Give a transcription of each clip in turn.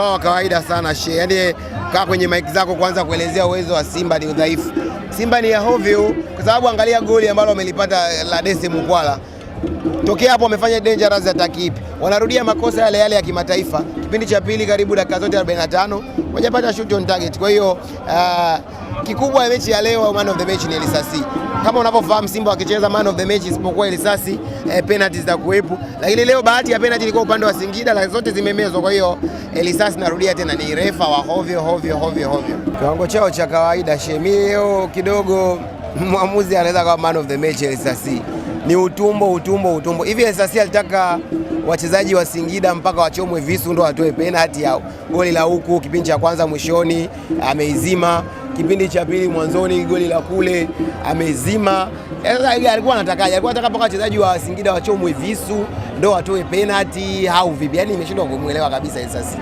Wa kawaida sana she, yaani kaa kwenye mic zako kwanza kuelezea uwezo wa Simba ni udhaifu. Simba ni ya hovyo, kwa sababu angalia goli ambalo wamelipata la Dese Mukwala. Tokea hapo wamefanya dangerous attack ipi? Wanarudia makosa yale yale ya kimataifa. Kipindi cha pili karibu dakika zote 45 wajapata shoot on target. Kwa hiyo uh, kikubwa ya mechi ya leo man of the match ni Elisasi. Kama unavyofahamu Simba wakicheza man of the match isipokuwa Elisasi eh, penalty za kuwepo. Lakini leo bahati ya penalty ilikuwa upande wa Singida lakini zote zimemezwa. Kwa hiyo Elisasi narudia tena ni refa wa hovyo hovyo hovyo hovyo. Kiwango chao cha kawaida shemio kidogo mwamuzi anaweza kuwa man of the match Elisasi ni utumbo utumbo utumbo hivi. SC alitaka wachezaji wa Singida mpaka wachomwe visu ndo watoe penalti yao. Goli la huku kipindi cha kwanza mwishoni ameizima, kipindi cha pili mwanzoni, goli la kule ameizima. Sasa alikuwa anataka Alikuwa anataka mpaka wachezaji wa Singida wachomwe visu ndo watoe penalti au vipi? Yani imeshindwa kumwelewa kabisa SC.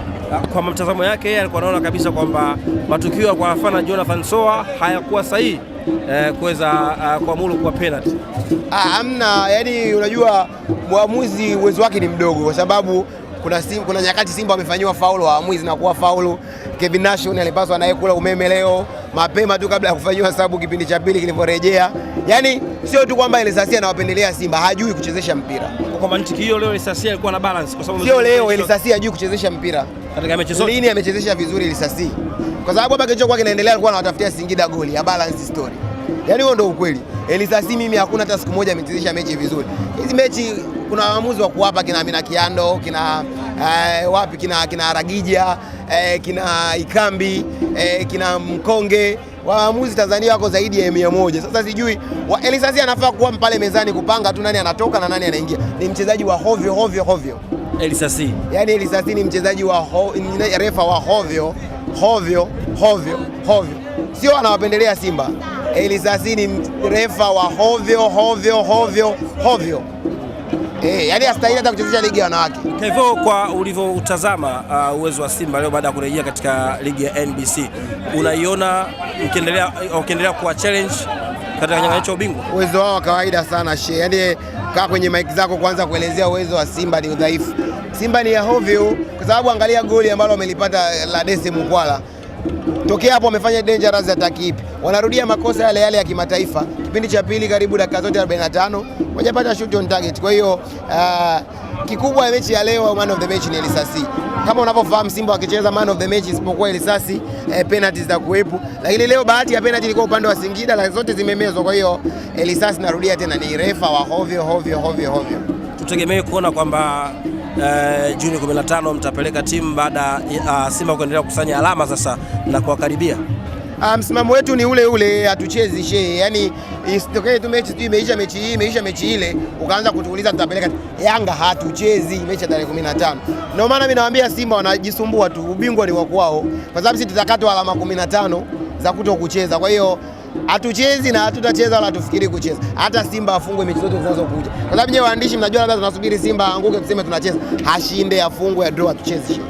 Kwa mtazamo yake yeye alikuwa anaona kabisa kwamba matukio kwa afana Jonathan Soa hayakuwa sahihi eh, kuweza uh, kuamuru kwa penalty. Ah, amna, yani unajua mwamuzi uwezo wake ni mdogo kwa sababu kuna, sim, kuna nyakati Simba wamefanyiwa faulu waamuzi zinakuwa faulu. Kevin Nation alipaswa naye kula umeme leo mapema tu kabla ya kufanyiwa sababu kipindi cha pili kilivyorejea. Yani sio tu kwamba Elisasia anawapendelea Simba, hajui kuchezesha mpira. Kwa mantiki hiyo leo Elisasia alikuwa na balance kwa sababu sio leo Elisasia hajui kuchezesha mpira. Katika mechi zote. Lini amechezesha vizuri Elisasia? kwa sababu hapa kilichokuwa kinaendelea alikuwa anawatafutia Singida goli ya balance story. Yaani huo ndio ukweli. Elisa si mimi hakuna hata siku moja amechezesha mechi vizuri. Hizi mechi kuna waamuzi wa kuwapa kina Amina Kiando, kina eh, wapi kina kina Ragija, eh, kina Ikambi, eh, kina Mkonge. Waamuzi Tanzania wako zaidi ya mia moja. Sasa sijui wa Elisa si anafaa kuwa pale mezani kupanga tu nani anatoka na nani anaingia. Ni mchezaji wa hovyo hovyo hovyo. Elisa si. Yaani Elisa si ni mchezaji wa ho, refa wa hovyo hovyo hovyo hovyo, sio anawapendelea Simba. Elisasi ni refa wa hovyo hovyo hovyo hovyo. E, yani astahili hata kuchezesha ligi ya wanawake. Kwa hivyo kwa ulivyoutazama uh, uwezo wa Simba leo baada ya kurejea katika ligi ya NBC unaiona ukiendelea ukiendelea kuwa challenge katika kinyang'anyiro cha ubingwa? Uwezo wao wa kawaida sana she, yaani kaa kwenye mike zako kwanza kuelezea uwezo wa Simba ni udhaifu. Simba ni ya hovyo kwa sababu angalia goli ambalo wamelipata la Desi Mukwala tokea hapo wamefanya dangerous attack ipi? Wanarudia makosa yale yale ya kimataifa. Kipindi cha pili karibu dakika zote 45 wajapata shoot on target. Kwa hiyo uh, kikubwa ya mechi ya leo, man of the match ni Elisasi. Kama unavyofahamu Simba wakicheza man of the match isipokuwa Elisasi eh, penalty za kuwepo, lakini leo bahati ya penalty ilikuwa upande wa Singida lakini zote zimemezwa. Kwa hiyo Elisasi, narudia tena, ni refa wa hovyo hovyo hovyo hovyo. Tutegemee kuona kwamba eh, Juni 15 mtapeleka timu baada ya uh, Simba kuendelea kukusanya alama sasa na kuwakaribia ah, msimamo um, wetu ni ule ule, hatuchezi shee. Yani isitokee tu mechi tu imeisha mechi hii imeisha mechi ile, ukaanza kutuuliza tutapeleka Yanga. Hatuchezi mechi ya tarehe 15. Ndio maana mimi nawaambia Simba wanajisumbua tu, ubingwa ni wa kwao, kwa sababu sisi tutakatwa alama 15 za kuto kucheza. Kwa hiyo hatuchezi na hatutacheza wala tufikiri kucheza, hata Simba afungwe mechi zote zinazokuja. Kwa sababu je, waandishi mnajua, labda tunasubiri Simba aanguke tuseme tunacheza, hashinde afungwe, draw, hatuchezi.